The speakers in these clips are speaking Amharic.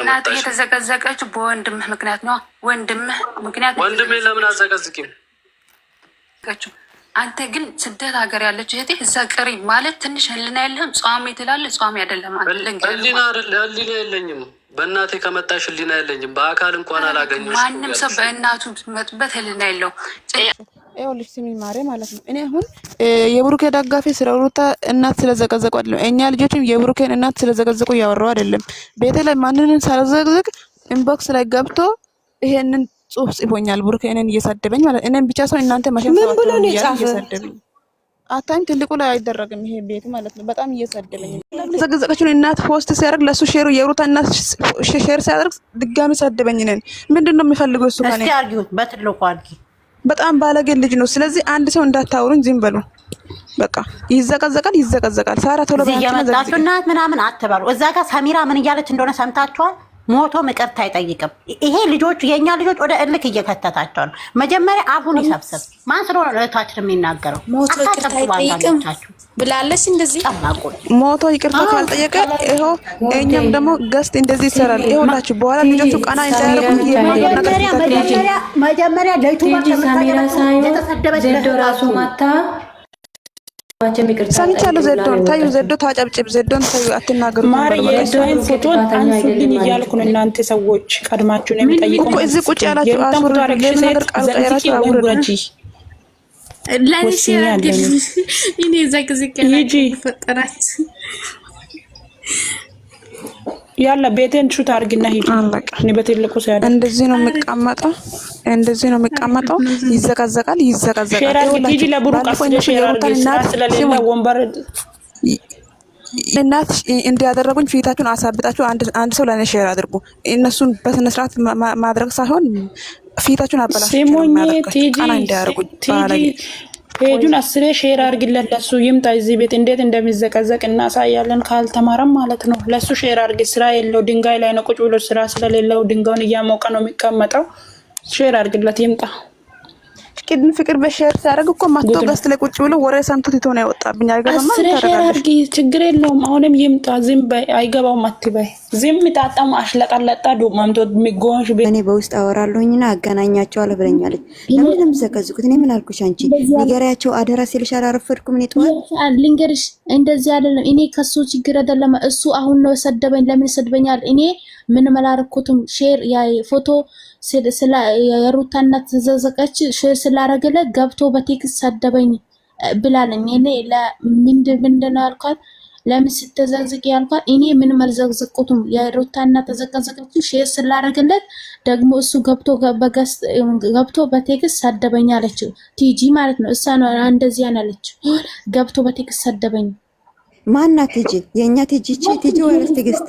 እናት እየተዘቀዘቀች በወንድምህ ምክንያት ነው። ወንድምህ ምክንያት ወንድም ለምን አዘቀዝቂም? አንተ ግን ስደት ሀገር ያለች እህቴ እዛ ቅሪ ማለት ትንሽ ህሊና የለህም። ጿሚ ትላለህ፣ ጿሚ አይደለም። ህሊና የለኝም በእናቴ ከመጣሽ ህሊና የለኝም። በአካል እንኳን አላገኘሁሽም። ማንም ሰው በእናቱ መጥበት ህሊና የለውም። ይኸውልሽ ስሚኝ ማሬ ማለት ነው። እኔ አሁን የብሩኬ ደጋፊ ስለ ሩታ እናት ስለዘቀዘቁ አይደለም፣ እኛ ልጆችም የብሩኬን እናት ስለዘቀዘቁ እያወራው አይደለም። ቤቴ ላይ ማንንን ሳልዘቅዝቅ ኢንቦክስ ላይ ገብቶ ይሄንን ጽሁፍ ጽፎኛል። ብሩኬ እኔን እየሳደበኝ ማለት እኔም ብቻ ሰው እናንተ ማሸምን ብሎ ነው እየሳደበኝ። አታይም? ትልቁ ላይ አይደረግም ይሄ ቤት ማለት ነው። በጣም እየሳደበኝ ዘቀዘቀችን እናት ፖስት ሲያደርግ ለእሱ ሼሩ የሩታ እናት ሼር ሲያደርግ ድጋሚ ሳደበኝ። ነን ምንድን ነው የሚፈልገው እሱ ከኔ? እስኪ አርጊው፣ በትልቁ አርጊ በጣም ባለጌ ልጅ ነው። ስለዚህ አንድ ሰው እንዳታውሩኝ፣ ዝም በሉ በቃ። ይዘቀዘቃል ይዘቀዘቃል። ሳራ ቶሎ እየመጣችሁ እናት ምናምን አትበሉ። እዛ ጋር ሰሚራ ምን እያለች እንደሆነ ሰምታችኋል። ሞቶ ይቅርታ አይጠይቅም። ይሄ ልጆቹ የእኛ ልጆች ወደ እልክ እየከተታቸው ነው። መጀመሪያ አፉን ይሰብስብ። ማን ስለሆነ እህታችን የሚናገረው ሞቶ ይቅርታ አይጠይቅም ብላለች። እንደዚህ ሞቶ ይቅርታ ካልጠየቀ ይኸው እኛም ደግሞ ገስት እንደዚህ ይሰራል። ይኸውላችሁ በኋላ ልጆቹ ቀና መጀመሪያ ለቱ የተሰደበች ራሱ ማታ ሰምቻለሁ። ዘዶን ታዩ፣ ዘዶ ታጨብጭብ፣ ዘዶን ታዩ፣ አትናገሩ። ማር የዶይን አንሱልኝ እያልኩ ነው። እናንተ ሰዎች ቀድማችሁ ነው የሚጠይቁ። እዚህ ቁጭ ያላችሁ ነገር ቃል ቀይራችሁ አውርጂ። ለእኔ ዘቅዝቅ ፈጠራችሁ ያለ ቤቴን ሹት አርግና ሂጂ። እኔ በትልቁ ሲያደ እንደዚህ ነው የሚቀመጠው፣ እንደዚህ ነው የሚቀመጠው። ይዘጋዘጋል፣ ይዘጋዘጋል። ወንበር እናት እንዲያደረጉኝ ፊታችሁን አሳብጣችሁ አንድ ሰው ለእኔ ሼር አድርጉ። እነሱን በስነ ስርዓት ማድረግ ሳይሆን ፊታችሁን አበላሽ ቃና እንዲያደርጉኝ ፔጁን አስሬ ሼር አርግለት ለሱ ይምጣ እዚህ ቤት እንዴት እንደሚዘቀዘቅ እናሳያለን። ካልተማረም ማለት ነው። ለሱ ሼር አርግ። ስራ የለው ድንጋይ ላይ ነው ቁጭ ብሎ ስራ ስለሌለው ድንጋዩን እያሞቀ ነው የሚቀመጠው። ሼር አርግለት ይምጣ። ቅድም ፍቅር በሸር ሲያደርግ እኮ ማቶ ገስት ላይ ቁጭ ብሎ ወሬ ሰምቶት የተሆነ ያወጣብኝ አርገማአስረሸራርጊ ችግር የለውም። አሁንም ይምጣ። ዝም በይ፣ አይገባውም አትበይ። ዝም ጣጣም አሽለጣለጣ ዱማምቶ የሚጎንሽ እኔ በውስጥ አወራለሁኝና አገናኛቸው አለ ብለኛለች። ለምን ነው እኔ ምን አልኩሽ? አንቺ ንገሪያቸው አደራ ሲልሽ አላረፈድኩም። እኔ ጠዋት ልንገርሽ፣ እንደዚህ አይደለም። እኔ ከሱ ችግር አይደለም። እሱ አሁን ነው ሰደበኝ። ለምን ሰድበኛል? እኔ ምን መላረኩትም ሼር ያ ፎቶ የሩታ እናት ተዘዘቀች ስላረገለ ገብቶ በቴክስት ሰደበኝ ብላለኝ። እኔ ለምንድ ምንድን ነው ያልኳት? ለምን ስትዘግዝቅ ያልኳት እኔ ምን መልዘግዝቁትም የሩታ እናት ተዘቀዘቀች ሼር ስላረገለት ደግሞ እሱ ገብቶ ገብቶ በቴክስት ሰደበኝ አለችው። ቲጂ ማለት ነው እሳ ነው እንደዚያን አለችው። ገብቶ በቴክስት ሰደበኝ ማና ትጂ የእኛ ትጂ ቺ ትጂ ወይስ ትግስት?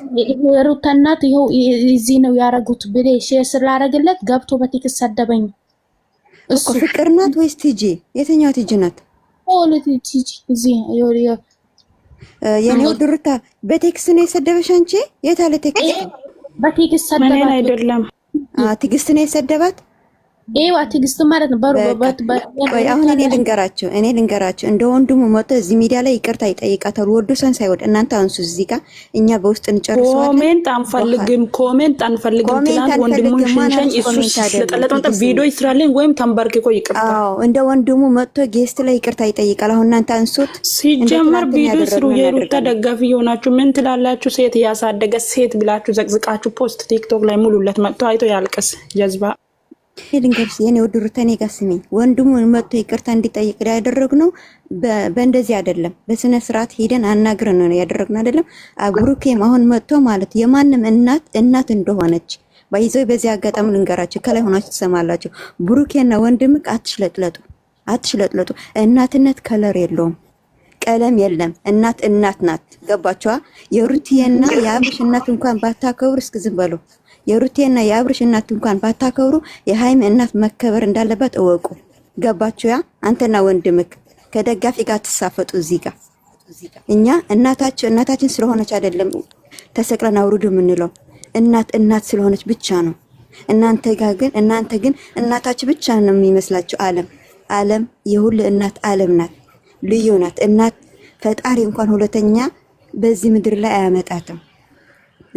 የሩታ እናት ይኸው እዚህ ነው ያረጉት ብሌ ሼር ስላረግለት ገብቶ በቴክስት ሰደበኝ እኮ። ፍቅር ናት ወይስ ትጂ የትኛው ትጂ ናት? ኦልቲ ቲጂ እዚህ ነው የኔ ውድ ሩታ በቴክስት ነው የሰደበሽ አንቺ? የታለ ቴክስት? በቴክስት ሰደባት አይደለም። ትግስት ነው የሰደባት ይሄዋ ትዕግስት ማለት ነው። በሩ ቆይ አሁን እኔ ልንገራችሁ እኔ ልንገራችሁ እንደ ወንድሙ ሞተ እዚህ ሚዲያ ላይ ይቅርታ ይጠይቃታል። ወዶ ሰን ሳይወድ እናንተ አንሱ እዚህ ጋር እኛ በውስጥ እንጨርሰዋለን። ኮሜንት አንፈልግም፣ ኮሜንት አንፈልግም። ትናንት ወንድሙን ሽንሸን እሱ ስለጠለጠው ቪዲዮ ይስራልን ወይም ተንበርክኮ ይቅርታ። አዎ እንደ ወንድሙ ሞቶ ጌስት ላይ ይቅርታ ይጠይቃል። አሁን እናንተ አንሱት። ሲጀመር ቪዲዮ ስሩ። የሩታ ደጋፊ የሆናችሁ ምን ትላላችሁ? ሴት ያሳደገ ሴት ብላችሁ ዘቅዝቃችሁ ፖስት ቲክቶክ ላይ ሙሉለት መጥቶ አይቶ ያልቅስ ጀዝባ ልንገርሽ የኔ ውድ ሩት እኔ ጋር ስሜኝ ወንድሙ መጥቶ ይቅርታ እንዲጠይቅ ያደረግነው በእንደዚህ አይደለም። በስነ ስርዓት ሄደን አናግረን ነው ያደረግነው አይደለም። ብሩኬም አሁን መጥቶ ማለት የማንም እናት እናት እንደሆነች ባይዞ በዚህ አጋጣሚ ልንገራችሁ፣ ከላይ ሆናችሁ ትሰማላችሁ። ብሩኬና ወንድምክ አትሽለጥለጡ፣ አትሽለጥለጡ። እናትነት ከለር የለውም ቀለም የለም። እናት እናት ናት። ገባችኋ? የሩትዬና የአብሽ እናት እንኳን ባታከብር እስክ ዝም በሉ። የሩቴና የአብርሽ እናት እንኳን ባታከብሩ የሃይም እናት መከበር እንዳለባት እወቁ። ገባችሁ? ያ አንተና ወንድምክ ከደጋፊ ጋር ትሳፈጡ። እዚህ ጋር እኛ እናታችን እናታችን ስለሆነች አይደለም ተሰቅለን አውርዱ የምንለው እናት እናት ስለሆነች ብቻ ነው። እናንተ ጋር ግን እናንተ ግን እናታችን ብቻ ነው የሚመስላችሁ። ዓለም ዓለም የሁሉ እናት ዓለም ናት፣ ልዩ ናት። እናት ፈጣሪ እንኳን ሁለተኛ በዚህ ምድር ላይ አያመጣትም።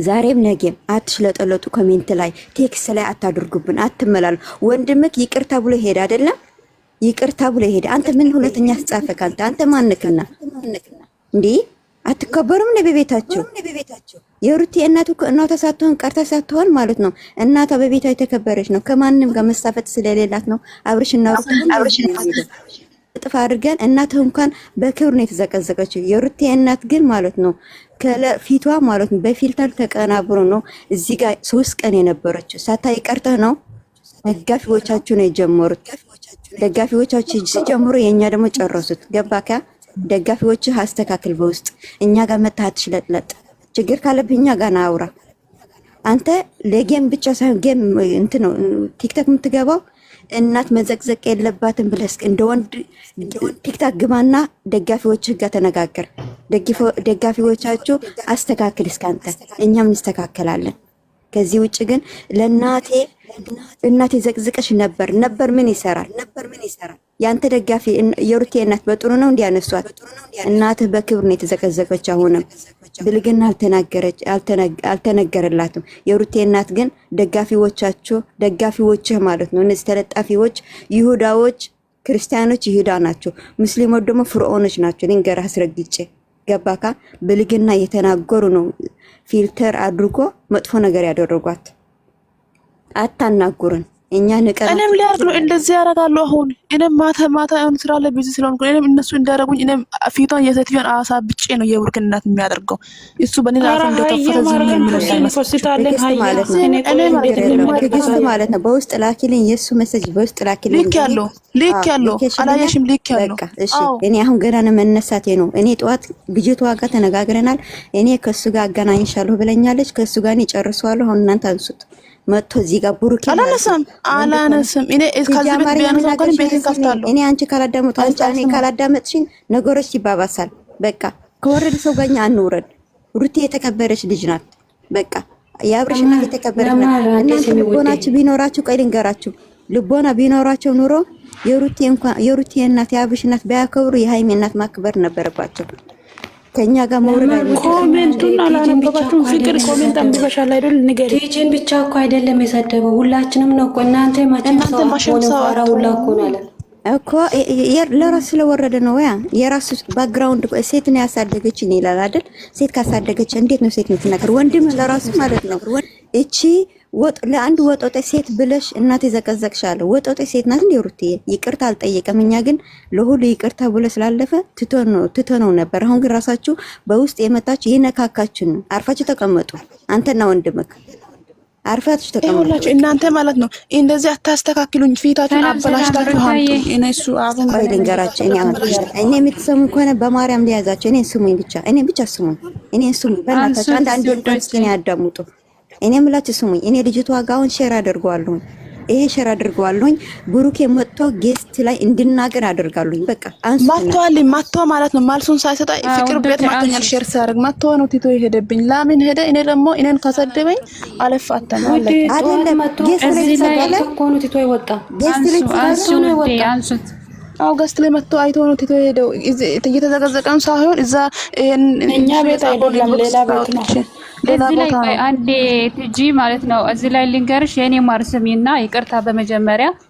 ዛሬም ነገም አትሽለጠለጡ። ኮሜንት ላይ ቴክስ ላይ አታድርጉብን፣ አትመላሉ። ወንድምክ ይቅርታ ብሎ ይሄድ አይደለም ይቅርታ ብሎ ይሄድ። አንተ ምን ሁለተኛ ስጻፈክ? አንተ አንተ ማንክና እንዴ አትከበሩም? ለቤታቸው የሩቲ እናቱ እናቷ ሳትሆን ቀርታ ሳትሆን ማለት ነው። እናቷ በቤቷ የተከበረች ነው። ከማንም ጋር መሳፈጥ ስለሌላት ነው። አብርሽና ጥፋ አድርገን እናትህ እንኳን በክብር ነው የተዘቀዘቀችው። የሩቲ እናት ግን ማለት ነው ከለፊቷ ማለት ነው። በፊልተር ተቀናብሮ ነው። እዚህ ጋር ሶስት ቀን የነበረችው ሳታይ ቀርተ ነው። ደጋፊዎቻችሁ ነው የጀመሩት። ደጋፊዎቻችሁ ሲጀምሩ የእኛ ደግሞ ጨረሱት። ገባካ? ደጋፊዎች አስተካክል። በውስጥ እኛ ጋር መታህ አትሽለጥለጥ። ችግር ካለብህ እኛ ጋር አውራ። አንተ ለጌም ብቻ ሳይሆን ጌም እንትን ነው ቲክቶክ የምትገባው እናት መዘቅዘቅ የለባትም ብለስ እንደ ወንድ ቲክታክ ግባና ደጋፊዎች ጋር ተነጋገር። ደጋፊዎቻችሁ አስተካክል እስካንተ፣ እኛም እንስተካከላለን። ከዚህ ውጭ ግን ለእናቴ እናቴ ዘቅዝቀሽ ነበር ነበር ምን ይሰራል? ያንተ ደጋፊ የሩቴ እናት በጥሩ ነው እንዲያነሷት። እናትህ በክብር ነው የተዘቀዘቀች። አሁንም ብልግና አልተናገረች አልተነገረላትም። የሩቴ እናት ግን ደጋፊዎቻቸው ደጋፊዎችህ ማለት ነው እነዚህ ተለጣፊዎች ይሁዳዎች ክርስቲያኖች ይሁዳ ናቸው። ሙስሊሞች ደግሞ ፍርዖኖች ናቸው። ልንገርህ አስረግጬ ገባካ? ብልግና የተናገሩ ነው ፊልተር አድርጎ መጥፎ ነገር ያደረጓት። አታናጉርን። እኛ ንቀር እኔም ሊያርግሉ እንደዚህ ያረጋሉ። አሁን እኔም ማታ ማታ ሆን ስራ ላይ ቢዚ ስለሆንኩ እኔም እነሱ እንዲያደርጉኝ እኔም ፊቷን የሴትዮን አሳ ብጬ ነው የብሩክ እናት የሚያደርገው እሱ በኔ ራሱ እንደተፈተዝማለትነውግስት ማለት ነው። በውስጥ ላኪልኝ፣ የእሱ መሰጅ በውስጥ ላኪልኝ። ልክ ያለው ልክ ያለው አላየሽም? ልክ ያለው እሺ። እኔ አሁን ገና ነው መነሳቴ ነው። እኔ ጠዋት ግጅት ዋጋ ተነጋግረናል። እኔ ከእሱ ጋር አገናኝሻለሁ ብለኛለች። ከእሱ ጋር እኔ ጨርሰዋለሁ። አሁን እናንተ አንሱት መጥቶ እዚህ ጋር ብሩኬ አላነሳም አላነሳም። እኔ ከዚህ ቤት ቢያነሳ እንኳን ቤት ከፍታለሁ። እኔ አንቺ ካላዳመጥ እኔ ካላዳመጥሽኝ ነገሮች ይባባሳል። በቃ ከወረድ ሰው ጋኛ አንውረድ። ሩቴ የተከበረች ልጅ ናት። በቃ የአብረሽ እናት የተከበረች ናት። እናንተ ልቦናችሁ ቢኖራችሁ ቆይ ልንገራችሁ፣ ልቦና ቢኖራቸው ኑሮ የሩቴ እንኳን የሩቴ እናት የአብረሽ እናት ባያከብሩ የሃይሜ እናት ማክበር ነበረባቸው። ከኛ ጋር መውረድ ኮሜንቱን አላነበባችሁም? ፍቅር ኮሜንት አንብበሻል አይደል? ንገሪኝ። ቲጂን ብቻ እኮ አይደለም የሰደበው ሁላችንም ነው እኮ እናንተ ማቸም ሰው ሆነ ሁላ እኮ ናለን እኮ ለራሱ ስለወረደ ነው። ያ የራሱ ባክግራውንድ ሴት ነው ያሳደገች ይላል አይደል? ሴት ካሳደገች እንዴት ነው ሴት ነው ትናገር? ወንድም ለራሱ ማለት ነው እቺ ወጥ ለአንድ ወጦጤ ሴት ብለሽ እናት የዘቀዘቅሻለ ወጦጤ ሴት ናት እንዴ ሩትዬ? ይቅርታ አልጠየቀም። እኛ ግን ለሁሉ ይቅርታ ብሎ ስላለፈ ትቶነው ነበር። አሁን ግን ራሳችሁ በውስጥ የመታችሁ የነካካችን። አርፋችሁ ተቀመጡ። አንተና ወንድምክ አርፋችሁ ተቀመጡ። እናንተ ማለት ነው። እንደዚህ አታስተካክሉኝ፣ ፊታችሁን አበላሽታችሁ ሀምጡ። እነሱ አሁን ቆይ ልንገራቸው። እኔ አሁን እኔ የምትሰሙኝ ከሆነ በማርያም ሊያዛቸው እኔን ስሙኝ ብቻ፣ እኔ ብቻ ስሙኝ፣ እኔን ስሙኝ። በእናታችሁ አንድ አንድ ወንድ ያዳምጡ እኔ የምላችሁ ስሙኝ፣ እኔ ልጅቷ ጋር አሁን ሼር አደርገዋለሁኝ ይሄ ሸር አድርገዋለሁኝ። ብሩኬ መጥቶ ጌስት ላይ እንድናገር አድርጋለሁኝ። በቃ ማቷል ማቷ ማለት ነው። ማልሱን ሳይሰጣ ፍቅር ቤት ማቶኛል። ሸር ሲያደርግ ማቷ ነው። ቲቶ የሄደብኝ ለምን ሄደ? እኔ ደግሞ እኔን ከሰደበኝ አለፍ አተና አለ አይደለም ጌስት ላይ ቲቶ ይወጣ ጌስት ላይ ይወጣ አውገስት ላይ መጥቶ አይቶ ነው ትቶ ሄደው። እየተዘቀዘቀም ሳይሆን እዛ እኛ ቤት አይደለም ሌላ ቤት ነው። እዚህ ላይ አንዴ ትጂ ማለት ነው። እዚህ ላይ ልንገርሽ የኔ ማርሰሚና ይቅርታ በመጀመሪያ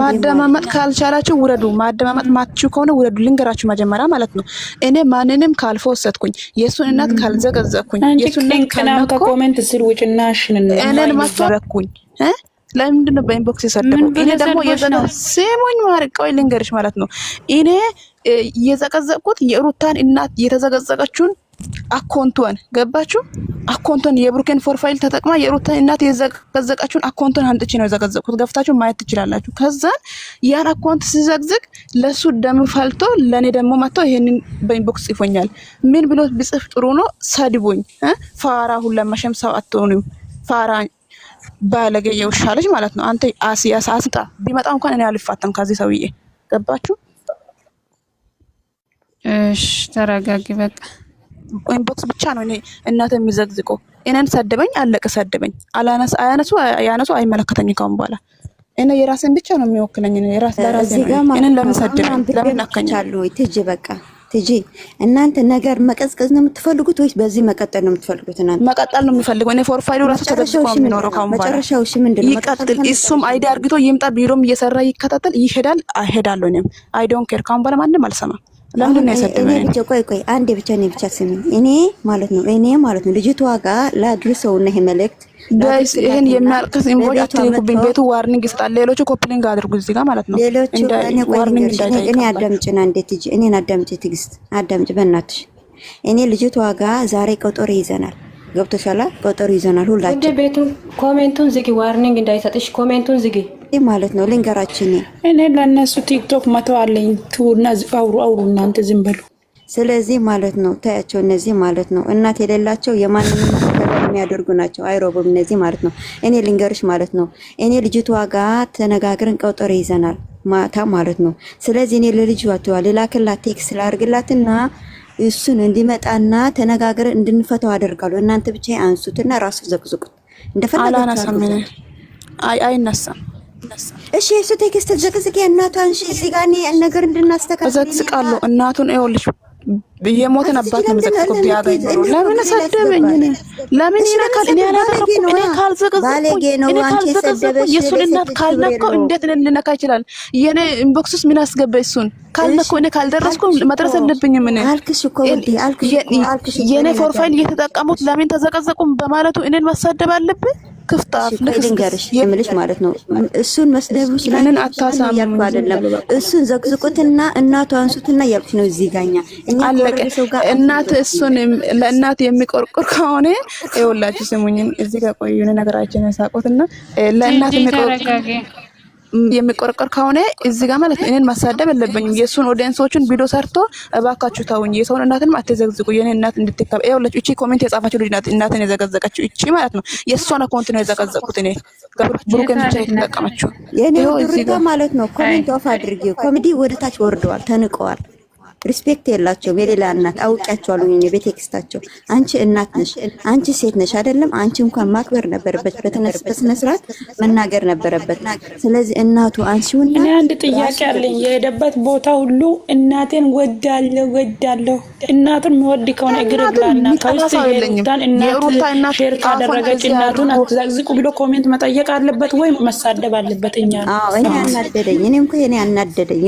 ማደማመጥ ካልቻላችሁ ውረዱ። ማደማመጥ ማትችሉ ከሆነ ውረዱ። ልንገራችሁ መጀመሪያ ማለት ነው። እኔ ማንንም ካልፎ ወሰድኩኝ፣ የእሱን እናት ካልዘገዘኩኝ የእሱን እናት ካልኮሜንት ስር ውጭና ሽን እኔን ማረኩኝ። ለምንድን ነው በኢንቦክስ የሰደበው? እኔ ደግሞ የዘነ ሴሞኝ ማርቀው ልንገርሽ ማለት ነው። እኔ የዘቀዘቅኩት የሩታን እናት የተዘቀዘቀችውን አኮንቶን ገባችሁ? አኮንቶን የብሩኬን ፕሮፋይል ተጠቅማ የሩታ እናት የዘቀዘቀችውን አኮንቶን አንጥቼ ነው የዘቀዘቅኩት። ገፍታችሁ ማየት ትችላላችሁ። ከዛን ያን አኮንት ሲዘቅዝቅ ለሱ ደም ፈልቶ ለእኔ ደግሞ መጥቶ ይሄንን በኢንቦክስ ጽፎኛል። ምን ብሎ ብጽፍ ጥሩ ነው? ሰድቦኝ ፋራ ሁላ መሸም ሰው አትሆኑም። ፋራ ባለጌ ማለት ነው። አንተ አስያስ አስጣ ቢመጣ እንኳን እኔ አልፋተም ከዚህ ሰውዬ ገባችሁ? ተረጋጊ በቃ ኢንቦክስ ብቻ ነው እኔ እናት የሚዘግዝቆ እኔን ሰደበኝ፣ አለቀ። ሰደበኝ፣ አያነሱ አያነሱ፣ አይመለከተኝ ካሁን በኋላ እኔ የራሴን ብቻ ነው የሚወክለኝ። የራስ ለራሴ እኔን ለምን ሰደበኝ? ለምን አከኛሉ? ትጂ በቃ ትጂ። እናንተ ነገር መቀዝቀዝ ነው የምትፈልጉት ወይስ በዚህ መቀጠል ነው የምትፈልጉት? እናንተ መቀጠል ነው የምፈልገው። እኔ ፕሮፋይሉ ራሱ ተደብቆ ነው የሚኖረው ካሁን በኋላ። መጨረሻው እሺ፣ ምንድነው ይቀጥል። እሱም አይዲ አርግቶ ይምጣ፣ ቢሮም እየሰራ ይከታተል፣ ይሄዳል፣ እሄዳለሁ። እኔም አይ ዶንት ኬር ካሁን በኋላ ማንም አልሰማም። ለምን ያሰደበኝ? ቆይ ቆይ አንዴ ብቻ እኔ ብቻ ስሚኝ፣ እኔ ማለት ነው እኔ ማለት ነው ልጅቷ ጋር ላድርሰው እና መልእክት ጋይስ ይሄን የሚያልቅስ ኢንቮይስ አትልኩብኝ። ቤቱ ዋርኒንግ ይሰጣል። ሌሎቹ ኮፕሊንግ አድርጉ እዚህ ጋር ማለት ነው። ሌሎቹ ዋርኒንግ እንዳይጠይቅ እኔ አዳምጪና እንዴት እጂ እኔን አዳምጪ፣ ትግስት አዳምጪ በእናትሽ። እኔ ልጅቷ ጋር ዛሬ ቀጠሮ ይዘናል። ገብቶሻል? ቀጠሮ ይዘናል ሁላችሁ። ቤቱ ኮሜንቱን ዝጊ፣ ዋርኒንግ እንዳይሰጥሽ ኮሜንቱን ዝጊ። ማለት ነው። ልንገራችን እኔ ለእነሱ ቲክቶክ መተው አለኝ ትውና አውሩ አውሩ እናንተ ዝም በሉ። ስለዚህ ማለት ነው ታያቸው። እነዚህ ማለት ነው እናት የሌላቸው የማንም የሚያደርጉ ናቸው። አይሮብም እነዚህ ማለት ነው። እኔ ልንገርሽ ማለት ነው እኔ ልጅቷ ጋር ተነጋግረን ቀውጠሮ ይዘናል ማታ ማለት ነው። ስለዚህ እኔ ለልጅቷ ልላክላት ቴክስ ላርግላትና እሱን እንዲመጣና ተነጋግረን እንድንፈተው አደርጋሉ። እናንተ ብቻ አንሱትና ራሱ ዘቅዘቁት እንደፈለገ አላናሳምን አይ አይነሳም እሺ እሱ ቴክስት ዘቅዝቅ እናቷን እሺ፣ እዚህ ጋር እኔ ነገር እንድናስተካክል ዘቅዝቃለሁ። እናቱን ይኸውልሽ የሞትን አባት የምዘቅዝቁ ቢያገኝ ለምን ሰደበኝ? እኔ ለምን ይነካል? እኔ አላደረኩም። እኔ ካልዘቀዘቁ የእሱን እናት ካልነካው እንዴት ልነካ ይችላል? የኔ ኢንቦክስስ ምን አስገባ? እሱን ካልነኮ እኔ ካልደረስኩ መድረስ አለብኝም። እኔ የኔ ፎርፋይል እየተጠቀሙት ለምን ተዘቀዘቁም በማለቱ እኔን ማሳደብ አለብን? ክፍት አፍ ልንገርሽ የምልሽ ማለት ነው። እሱን መስደቡ ስለምን አታሳምኑ አይደለም። እሱን ዘግዝቁትና እናቱ አንሱትና ያልኩሽ ነው። እዚህ ጋኛ እኛ እናት እሱን ለእናት የሚቆርቁር ከሆነ ይኸውላችሁ፣ ስሙኝን እዚህ ጋር ቆዩን ነገራችን ያሳቁትና ለእናት የሚቆርቁር የሚቆረቆር ከሆነ እዚህ ጋር ማለት እኔን ማሳደብ የለብኝም። የእሱን ኦዲየንሶቹን ቪዲዮ ሰርቶ እባካችሁ ተውኝ፣ የሰውን እናትን አትዘግዝቁ፣ የኔ እናት እንድትከብ ይኸውላችሁ። እቺ ኮሜንት የጻፈችው ልጅ ናት እናትን የዘገዘቀችው እቺ ማለት ነው። የእሷን አካውንት ነው የዘገዘቁት። እኔ ብሩክ ብቻ የተጠቀመችው ይኸው እዚህ ማለት ነው። ኮሜንት ኦፍ አድርጌ ኮሜዲ ወደታች ወርደዋል፣ ተንቀዋል ሪስፔክት የላቸውም። የሌላ እናት አውቂያቸዋለሁ። እኔ በቴክስታቸው አንቺ እናት ነሽ፣ አንቺ ሴት ነሽ አይደለም። አንቺ እንኳን ማክበር ነበረበት፣ በስነ ስርዓት መናገር ነበረበት። ስለዚህ እናቱ አንቺውን እኔ አንድ ጥያቄ አለኝ። የሄደበት ቦታ ሁሉ እናቴን ወዳለሁ ወዳለሁ እናቱን መወድ ከሆነ እግር ግላና ከውስጥ የሩታን እናት ሼር ካደረገች እናቱን አትዘቅዝቁ ብሎ ኮሜንት መጠየቅ አለበት ወይም መሳደብ አለበት። እኛ እኔ አናደደኝ። እኔ እኮ እኔ አናደደኝ።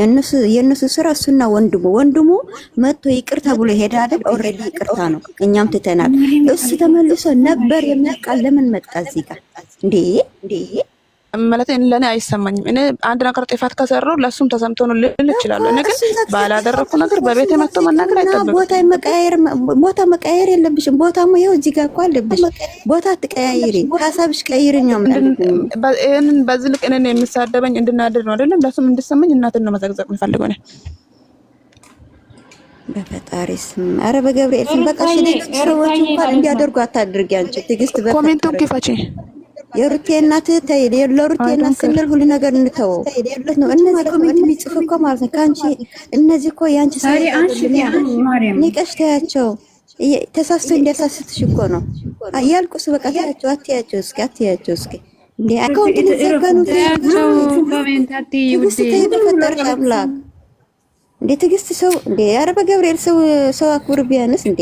የእነሱ ስራ እሱና ወንድሙ ወንድሙ ደግሞ መጥቶ ይቅር ተብሎ ሄደ አይደል? ኦልሬዲ ይቅርታ ነው፣ እኛም ትተናል። እሱ ተመልሶ ነበር የሚያቃል። ለምን መጣ እዚህ ጋር እንዴ? እንዴ ማለት ለእኔ አይሰማኝም። እኔ አንድ ነገር ጥፋት ከሰራው ለእሱም ተሰምቶ ነው ልል እችላለሁ። እኔ ግን ባላደረግኩ ነገር በቤት መጥቶ መናገር አይጠበቅም። ቦታ መቀያየር የለብሽም። ቦታ ይኸው እዚህ ጋር እኮ አለብሽ። ቦታ ትቀያይሪ፣ ሀሳብሽ ቀይሪ ነው። በዚህ ልቅ እኔን የሚሳደበኝ እንድናደድ ነው አይደለም፣ ለእሱም እንድሰማኝ እናትን ነው መዘግዘቅ የሚፈልገው እኔ በፈጣሪ ስም አረ በገብርኤል ስም በቃ እሺ፣ ሌሎች ሰዎች እንኳን እንዲያደርጉ አታድርጊ። አንቺ ትዕግስት በኮሜንቱን ክፈቺ። የሩቴ እናት ተይ፣ ለሩቴ እናት ስንል ሁሉ ነገር እንተው። ነው። እነዚህ ኮሜንት የሚጽፉ እኮ ማለት ነው ከአንቺ እነዚህ እኮ የአንቺ ንቀሽ ተያቸው። ተሳስቶ እንዲያሳስትሽ እኮ ነው ያልቁስ። በቃ ተያቸው፣ አትያቸው፣ እስኪ አትያቸው፣ እስኪ እንዲ አካውንት ዘጋኑ። ትዕግስት ተይ በፈጠረሽ አምላክ እንዴ ትዕግስት ሰው እንዴ! አረ በገብርኤል ሰው ሰው አክብር ቢያንስ እንዴ!